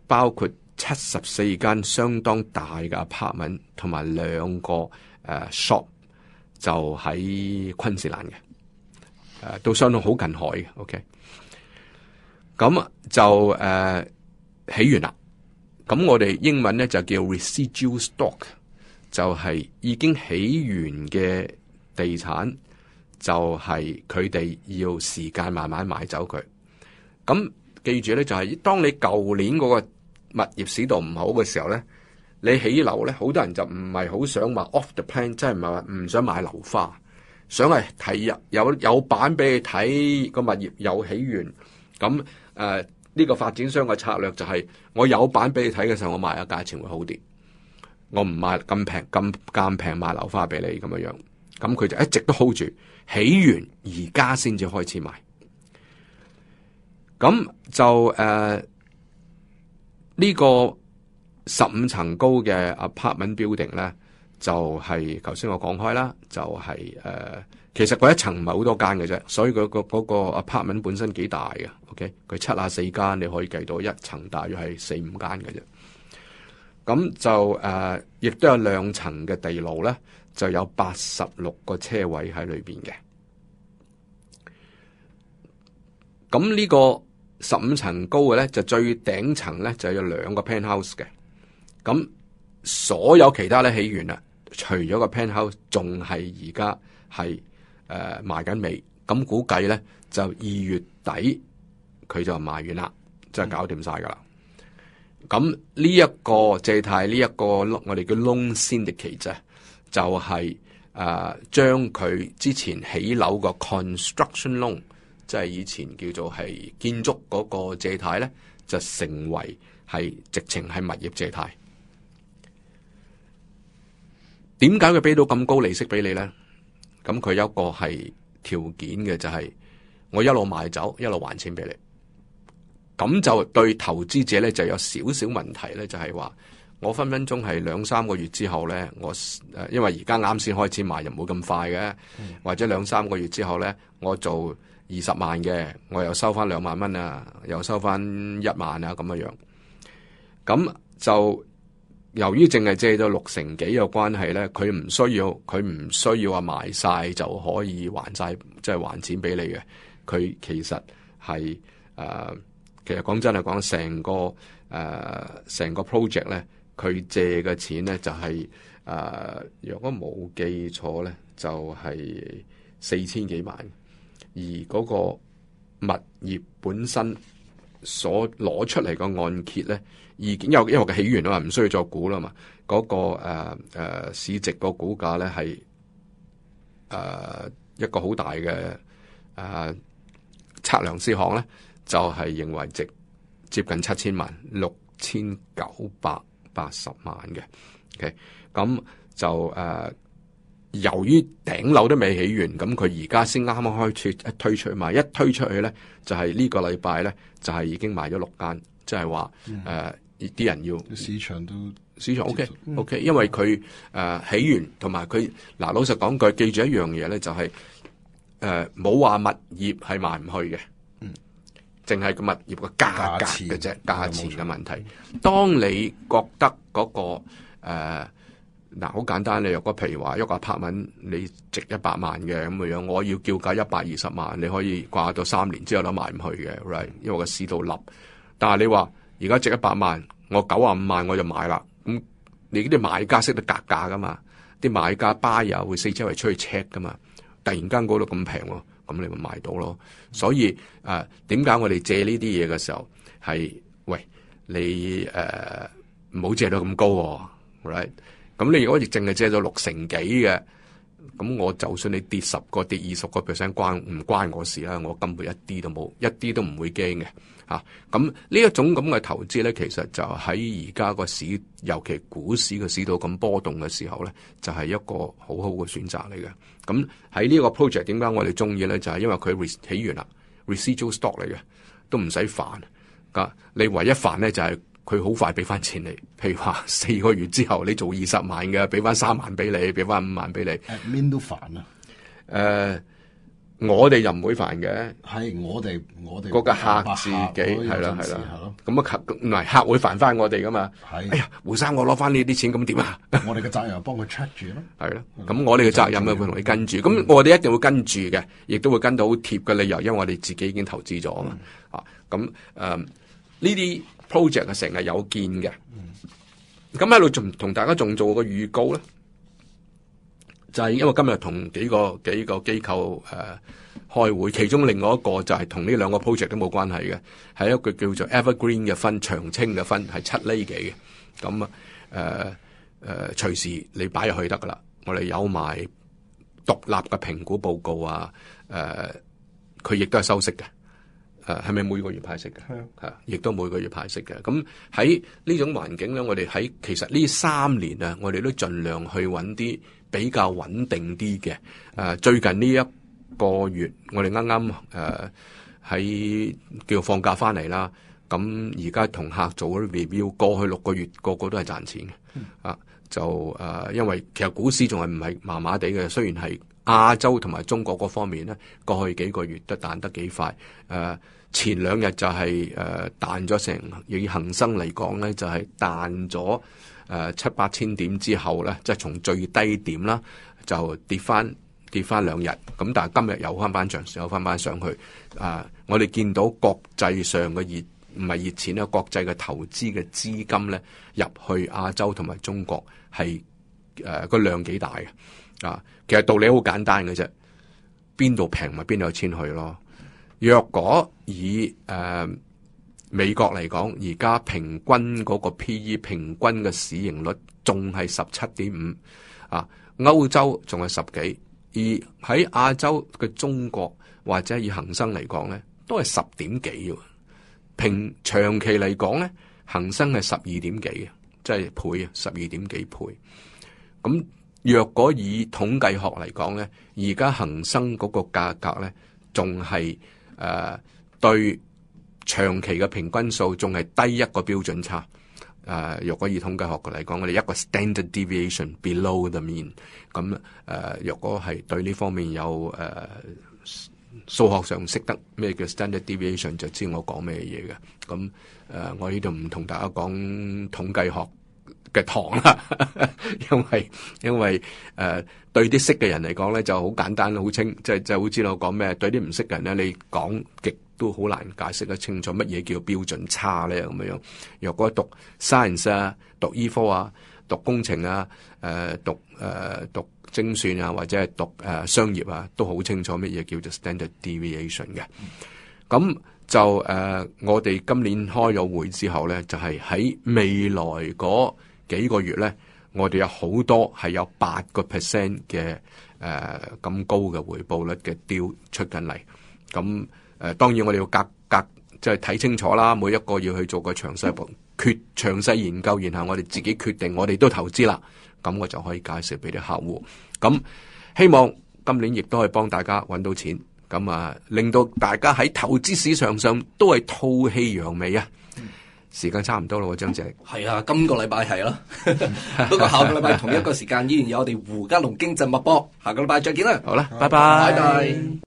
包括七十四間相當大嘅 apartment，同埋兩個誒、呃、shop 就喺昆士蘭嘅，誒、呃、都相當好近海嘅。OK。咁就誒、uh, 起完啦。咁我哋英文咧就叫 residual stock，就係已經起完嘅地產，就係佢哋要時間慢慢買走佢。咁記住咧，就係、是、當你舊年嗰個物業市道唔好嘅時候咧，你起樓咧，好多人就唔係好想話 off the plan，即係唔唔想買樓花，想係睇入有有板俾你睇，個物業有起完咁。誒，呢、uh, 個發展商嘅策略就係，我有版俾你睇嘅時候，我賣啊，價錢會好啲。我唔賣咁平、咁賤平賣樓花俾你咁樣樣，咁佢就一直都 hold 住，起完而家先至開始賣。咁就誒，uh, 個呢個十五層高嘅 apartment building 咧，就係頭先我講開啦，就係、是、誒。Uh, 其實佢一層唔係好多間嘅啫，所以佢，嗰個 apartment 本身幾大嘅，OK，佢七啊四間，你可以計到一層大約係四五間嘅啫。咁就誒，亦，呃，都有兩層嘅地牢咧，就有八十六個車位喺裏邊嘅。咁呢個十五層高嘅咧，就最頂層咧就有兩個 penthouse 嘅。咁所有其他咧起源啦，除咗個 penthouse 仲係而家係。誒、呃，賣緊尾，咁估計咧就二月底佢就賣完啦，就搞掂晒噶啦。咁呢一個借貸呢一個我哋叫 loan syndicate，就係誒將佢之前起樓個 construction loan，即係以前叫做係建築嗰個借貸咧，就成為係直情係物業借貸。點解佢俾到咁高利息俾你咧？咁佢有一個係條件嘅，就係我一路賣走，一路還錢俾你。咁就對投資者呢，就有少少問題呢，就係話我分分鐘係兩三個月之後呢，我因為而家啱先開始賣，又冇咁快嘅，或者兩三個月之後呢，我做二十萬嘅，我又收翻兩萬蚊啊，又收翻一萬啊，咁樣樣。咁就。由於淨係借咗六成幾嘅關係咧，佢唔需要佢唔需要啊賣晒就可以還債，即係還錢俾你嘅。佢其實係、呃、其實講真係講，成個成、呃、個 project 咧，佢借嘅錢咧就係、是、誒、呃，如果冇記錯咧，就係四千幾萬，而嗰個物業本身所攞出嚟嘅按揭咧。已經有一個起源啊嘛，唔需要再估啦嘛。嗰個誒市值個股價咧係誒一個好大嘅誒測量師行咧，就係、是、認為值接近七千萬六千九百八十萬嘅。OK，咁就誒、啊、由於頂樓都未起完，咁佢而家先啱啱開始推出去，賣，一推出去咧就係、是、呢個禮拜咧就係、是、已經賣咗六間，即係話誒。嗯啲人要市場都市場 OK OK，因為佢誒、呃、起源同埋佢嗱，老實講句，記住一樣嘢咧，就係誒冇話物業係賣唔去嘅，嗯，淨係個物業個價格嘅啫，價錢嘅問題。當你覺得嗰、那個嗱，好、呃呃、簡單，你若果譬如話，一個柏文，你值一百萬嘅咁嘅樣，我要叫價一百二十萬，你可以掛到三年之後都賣唔去嘅，right？因為個市道立，但係你話。而家值一百萬，我九啊五萬我就買啦。咁你啲買家識得格價噶嘛？啲買家 buy 會四週圍出去 check 噶嘛？突然間嗰度咁平喎，咁你咪買到咯。所以、呃呃、啊，點解我哋借呢啲嘢嘅時候係喂你誒唔好借到咁高喎？Right？咁你如果淨係借咗六成幾嘅，咁我就算你跌十個跌二十個 percent，關唔關我事啦？我根本一啲都冇，一啲都唔會驚嘅。啊，咁呢一種咁嘅投資咧，其實就喺而家個市，尤其股市嘅市道咁波動嘅時候咧，就係、是、一個好好嘅選擇嚟嘅。咁、啊、喺呢個 project 點解我哋中意咧？就係、是、因為佢起源起完啦，residual stock 嚟嘅，都唔使煩啊！你唯一煩咧就係佢好快俾翻錢你，譬如話四個月之後你做二十萬嘅，俾翻三萬俾你，俾翻五萬俾你。邊、啊、都煩啊！我哋又唔會煩嘅，係我哋我哋嗰個客自己係啦係啦，咁啊客唔係客會煩翻我哋噶嘛？係，哎呀，胡生我攞翻呢啲錢，咁點啊？我哋嘅責任幫佢 check 住咯，係咯。咁我哋嘅責任啊會同你跟住，咁我哋一定會跟住嘅，亦都會跟到貼嘅理由，因為我哋自己已經投資咗啊。咁誒呢啲 project 成日有見嘅，咁喺度仲同大家仲做個預告咧。就係因為今日同幾個幾個機構誒、呃、開會，其中另外一個就係同呢兩個 project 都冇關係嘅，係一個叫做 Evergreen 嘅 fund，長青嘅 fund，係七厘幾嘅。咁啊誒誒，隨時你擺入去得噶啦。我哋有埋獨立嘅評估報告啊，誒、呃，佢亦都係收息嘅。誒係咪每個月派息嘅？係啊，係啊，亦的都每個月派息嘅。咁喺呢種環境咧，我哋喺其實呢三年啊，我哋都盡量去揾啲。比較穩定啲嘅，誒、啊、最近呢一個月我哋啱啱誒喺叫放假翻嚟啦，咁而家同客做嗰啲 review，過去六個月個個都係賺錢嘅、嗯啊，啊就誒因為其實股市仲係唔係麻麻地嘅，雖然係亞洲同埋中國嗰方面呢，過去幾個月都彈得幾快，誒、啊、前兩日就係誒彈咗成，以恒生嚟講呢，就係、是、彈咗。誒、呃、七八千點之後咧，即係從最低點啦，就跌翻跌翻兩日，咁但係今日又翻翻上，又翻翻上去。啊、呃，我哋見到國際上嘅熱唔係熱錢咧，國際嘅投資嘅資金咧入去亞洲同埋中國係誒個量幾大嘅啊。其實道理好簡單嘅啫，邊度平咪邊度遷去咯。若果以誒。呃美國嚟講，而家平均嗰個 P/E 平均嘅市盈率仲係十七點五啊，歐洲仲係十幾，而喺亞洲嘅中國或者以恒生嚟講呢，都係十點幾，平，長期嚟講呢，恒生係十二點幾嘅，即係倍啊，十二點幾倍。咁若果以統計學嚟講呢，而家恒生嗰個價格呢，仲係誒對。長期嘅平均數仲係低一個標準差。誒、呃，若果以統計學嚟講，我哋一個 standard deviation below the mean 咁誒，若、呃、果係對呢方面有誒、呃、數學上識得咩叫 standard deviation，就知我講咩嘢嘅。咁誒、呃，我呢度唔同大家講統計學嘅堂啦，因為因為誒、呃、對啲識嘅人嚟講咧就好簡單好清，即係即係好知道我講咩。對啲唔識嘅人咧，你講極。都好難解釋得清楚乜嘢叫做標準差咧咁樣。若果讀 science 啊、讀醫、e、科啊、讀工程啊、誒、呃讀,呃、讀精算啊，或者係讀、呃、商業啊，都好清楚乜嘢叫做 standard deviation 嘅。咁就誒、呃，我哋今年開咗會之後咧，就係、是、喺未來嗰幾個月咧，我哋有好多係有八個 percent 嘅誒咁高嘅回報率嘅 deal 出緊嚟，咁。誒、呃，當然我哋要格格，即係睇清楚啦。每一個要去做個詳細步決、詳細研究，然後我哋自己決定，我哋都投資啦。咁我就可以介紹俾啲客戶。咁希望今年亦都可以幫大家揾到錢。咁啊，令到大家喺投資市場上都係吐氣揚眉啊！時間差唔多喇喎，張姐。係啊，今個禮拜係咯。 不過下個禮拜同一個時間依然 有我哋胡嘉龍經濟脈搏。下個禮拜再見啦。好啦，拜拜 bye。拜拜。